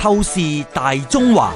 透視大中華。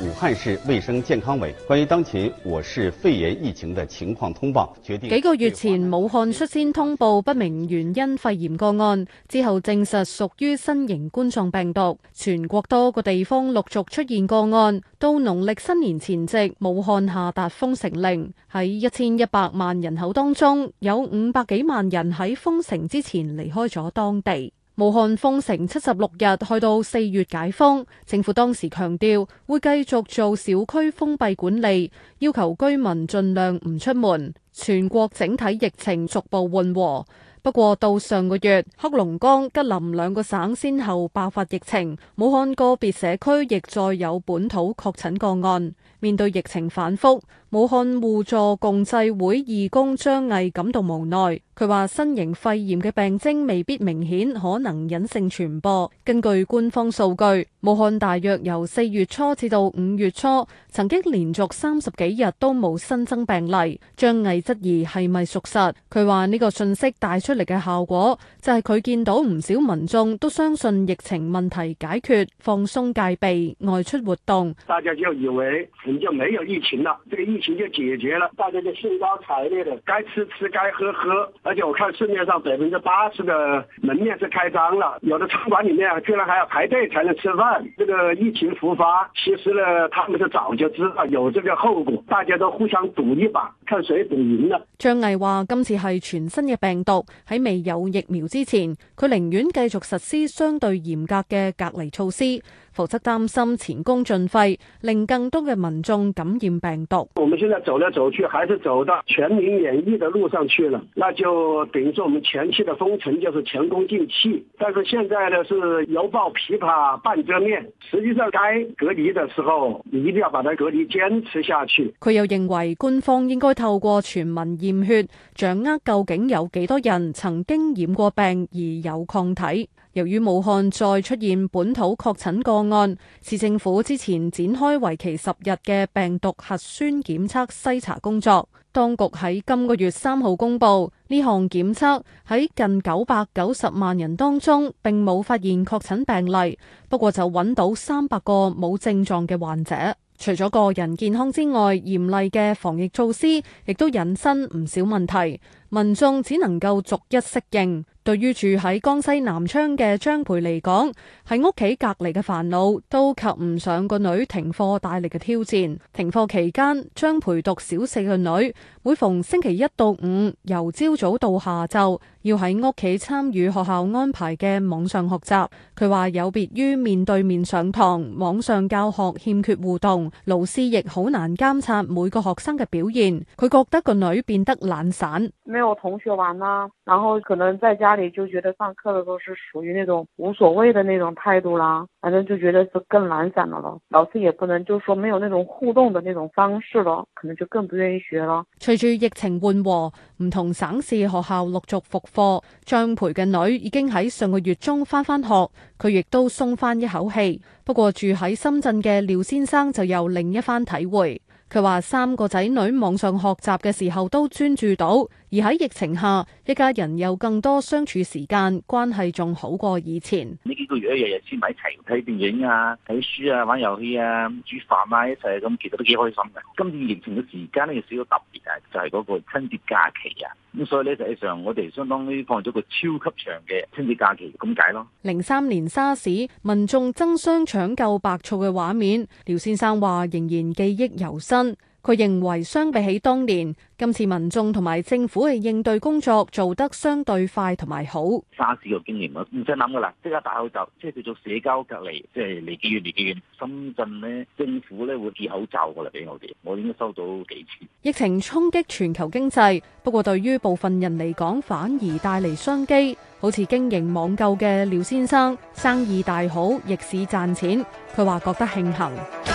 武漢市衛生健康委關於當前我市肺炎疫情的情況通報：決定幾個月前，武漢率先通報不明原因肺炎個案，之後證實屬於新型冠狀病毒。全國多個地方陸續出現個案。到農曆新年前夕，武漢下達封城令。喺一千一百萬人口當中，有五百幾萬人喺封城之前離開咗當地。武漢封城七十六日，去到四月解封，政府當時強調會繼續做小區封閉管理，要求居民盡量唔出門。全國整體疫情逐步緩和，不過到上個月，黑龍江、吉林兩個省先後爆發疫情，武漢個別社區亦再有本土確診個案。面對疫情反覆，武漢互助共濟會義工張毅感到無奈。佢話新型肺炎嘅病徵未必明顯，可能隱性傳播。根據官方數據，武漢大約由四月初至到五月初，曾經連續三十幾日都冇新增病例。張毅質疑係咪屬實？佢話呢個信息帶出嚟嘅效果，就係、是、佢見到唔少民眾都相信疫情問題解決，放鬆戒備，外出活動。大家就以為我們就沒有疫情啦，這個疫情就解決了，大家就興高采烈的，該吃吃，該喝喝。而且我看市面上百分之八十的門面是開張了，有的餐館裏面居然還要排隊才能吃飯。這個疫情復發，其實咧，他們是早就知道有這個後果，大家都互相賭一把，看誰賭贏啦。張毅話：今次係全新嘅病毒，喺未有疫苗之前，佢寧願繼續實施相對嚴格嘅隔離措施，否則擔心前功盡廢，令更多嘅民眾感染病毒。我們現在走嚟走去，還是走到全民免疫的路上去了，那就。就等於說，我們前期的封城就是前功盡棄。但是現在呢，是猶抱琵琶半遮面。實際上該隔離的時候，你一定要把它隔離堅持下去。佢又認為，官方應該透過全民驗血，掌握究竟有幾多人曾經染過病而有抗體。由於武漢再出現本土確診個案，市政府之前展開為期十日嘅病毒核酸檢測篩查工作。當局喺今個月三號公布，呢項檢測喺近九百九十萬人當中，並冇發現確診病例，不過就揾到三百個冇症狀嘅患者。除咗個人健康之外，嚴厲嘅防疫措施亦都引申唔少問題，民眾只能夠逐一適應。對於住喺江西南昌嘅張培嚟講，喺屋企隔離嘅煩惱都及唔上個女停課帶嚟嘅挑戰。停課期間，張培讀小四個女，每逢星期一到五，由朝早到下晝，要喺屋企參與學校安排嘅網上學習，佢話有別於面對面上堂，網上教學欠缺互動，老師亦好難監察每個學生嘅表現。佢覺得個女變得懶散，沒有同學玩啦、啊，然後可能在家裏就覺得上課的都是屬於那種無所謂的那種態度啦，反正就覺得是更懶散了咯。老師也不能就是說沒有那種互動的那種方式咯，可能就更不願意學咯。隨住疫情緩和，唔同省市學校陸續復課張培嘅女已經喺上個月中翻翻學，佢亦都鬆翻一口氣。不過住喺深圳嘅廖先生就有另一番體會，佢話三個仔女網上學習嘅時候都專注到，而喺疫情下，一家人有更多相處時間，關係仲好過以前。個月日日黐埋一齊睇電影啊、睇書啊、玩遊戲啊、煮飯啊一齊咁,其實都幾開心嘅。今年疫情嘅時間咧有少少特別啊，就係嗰個春節假期啊。咁所以咧實際上我哋相當於放咗個超級長嘅春節假期，咁解咯。零三年沙士，民眾爭相搶救白醋嘅畫面，廖先生話仍然記憶猶新。佢認為相比起當年，今次民眾同埋政府嘅應對工作做得相對快同埋好。沙士嘅經驗唔使諗㗎啦，即刻戴口罩，即係叫做社交隔離，即係離幾遠離幾遠。深圳呢，政府呢會寄口罩過嚟俾我哋，我應該收到幾次。疫情衝擊全球經濟，不過對於部分人嚟講，反而帶嚟商機。好似經營網購嘅廖先生，生意大好，逆市賺錢，佢話覺得慶幸。